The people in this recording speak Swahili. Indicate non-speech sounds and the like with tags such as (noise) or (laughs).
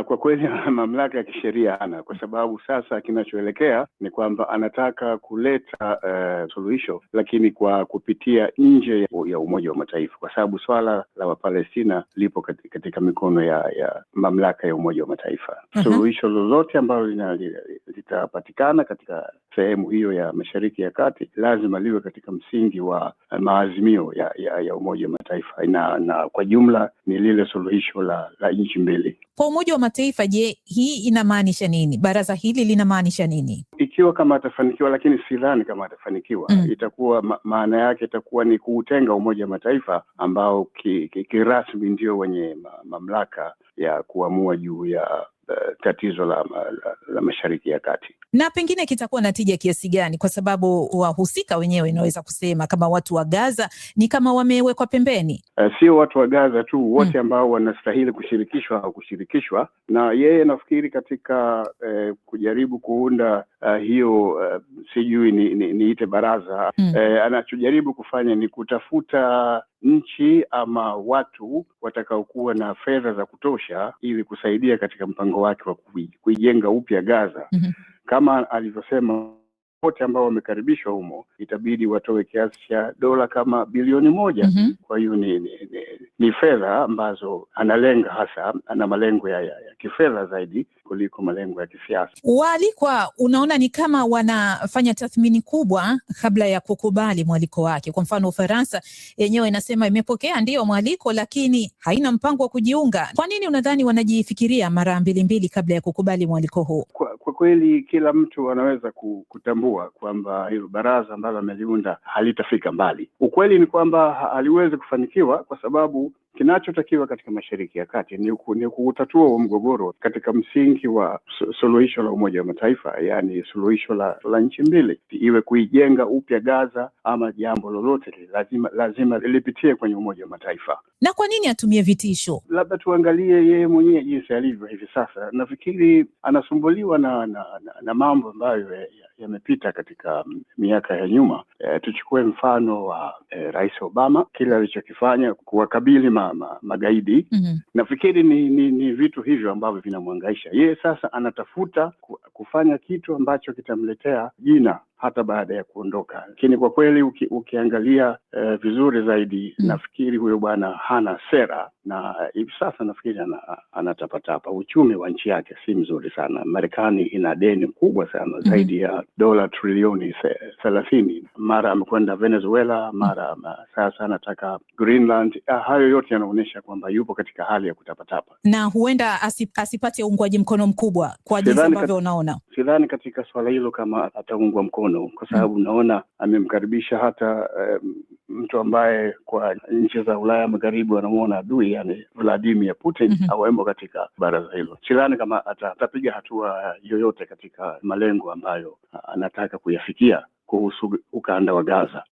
Ah, kwa kweli (laughs) mamlaka ya kisheria ana kwa sababu sasa kinachoelekea ni kwamba anataka kuleta uh, suluhisho, lakini kwa kupitia nje ya Umoja wa Mataifa, kwa sababu swala la Wapalestina lipo katika mikono ya, ya mamlaka ya Umoja wa Mataifa. Mhm. Suluhisho lolote ambalo litapatikana katika sehemu hiyo ya Mashariki ya Kati lazima liwe katika msingi wa eh, maazimio ya, ya, ya Umoja wa Mataifa na, na kwa jumla ni lile suluhisho la, la nchi mbili kwa Umoja wa Mataifa. Je, hii inamaanisha nini? Baraza hili linamaanisha nini? Ikiwa kama atafanikiwa, lakini sidhani kama atafanikiwa mm. Itakuwa ma, maana yake itakuwa ni kuutenga Umoja wa Mataifa ambao kirasmi ki, ki, ndio wenye ma, mamlaka ya kuamua juu ya Eh, tatizo la, la, la Mashariki ya Kati, na pengine kitakuwa na tija kiasi gani? Kwa sababu wahusika wenyewe inaweza kusema kama watu wa Gaza ni kama wamewekwa pembeni, eh, sio watu wa Gaza tu, wote hmm. ambao wanastahili kushirikishwa au kushirikishwa. Na yeye nafikiri katika eh, kujaribu kuunda uh, hiyo uh, sijui niite ni, ni baraza hmm, eh, anachojaribu kufanya ni kutafuta nchi ama watu watakaokuwa na fedha za kutosha ili kusaidia katika mpango wake wa kuijenga upya Gaza. Mm-hmm. Kama alivyosema wote ambao wamekaribishwa humo itabidi watoe kiasi cha dola kama bilioni moja. mm -hmm. Kwa hiyo ni, ni, ni, ni fedha ambazo analenga hasa, ana malengo ya, ya, ya kifedha zaidi kuliko malengo ya kisiasa. Waalikwa unaona ni kama wanafanya tathmini kubwa kabla ya kukubali mwaliko wake. Kwa mfano, Ufaransa yenyewe inasema imepokea ndiyo mwaliko, lakini haina mpango wa kujiunga. Kwa nini unadhani wanajifikiria mara mbili mbili kabla ya kukubali mwaliko huu? Kwa, kweli kila mtu anaweza kutambua kwamba hilo baraza ambalo ameliunda halitafika mbali. Ukweli ni kwamba haliwezi kufanikiwa kwa sababu Kinachotakiwa katika Mashariki ya Kati ni, ku, ni kutatua huo mgogoro katika msingi wa suluhisho la Umoja wa Mataifa, yaani suluhisho la, la nchi mbili, iwe kuijenga upya Gaza ama jambo lolote lazima, lazima lipitie kwenye Umoja wa Mataifa. Na kwa nini atumie vitisho? Labda tuangalie yeye mwenyewe jinsi alivyo hivi sasa. Nafikiri anasumbuliwa na, na, na, na mambo ambayo yamepita katika mm, miaka ya nyuma. E, tuchukue mfano wa e, Rais Obama, kile alichokifanya kuwakabili ma ma, ma, magaidi mm -hmm. Nafikiri ni, ni, ni vitu hivyo ambavyo vinamwangaisha yeye. Sasa anatafuta kufanya kitu ambacho kitamletea jina hata baada ya kuondoka, lakini kwa kweli uki, ukiangalia uh, vizuri zaidi mm -hmm. Nafikiri huyo bwana hana sera na eh, hivi sasa nafikiri anatapatapa. Uchumi wa nchi yake si mzuri sana. Marekani ina deni kubwa sana mm -hmm. zaidi ya dola trilioni thelathini. Mara amekwenda Venezuela, mhm. mara eh, sasa anataka Greenland. Ah, hayo yote yanaonyesha kwamba yupo katika hali ya kutapatapa, na huenda asip, asipate uungwaji mkono mkubwa kwa jinsi ambavyo unaona. Sidhani katika swala hilo kama ataungwa mkono, kwa sababu mm -hmm. naona amemkaribisha hata um, mtu ambaye kwa nchi za Ulaya Magharibi wanamwona adui, yani Vladimir Putin mm -hmm. hawemo katika baraza hilo. Sidhani kama atapiga hatua yoyote katika malengo ambayo anataka kuyafikia kuhusu ukanda wa Gaza.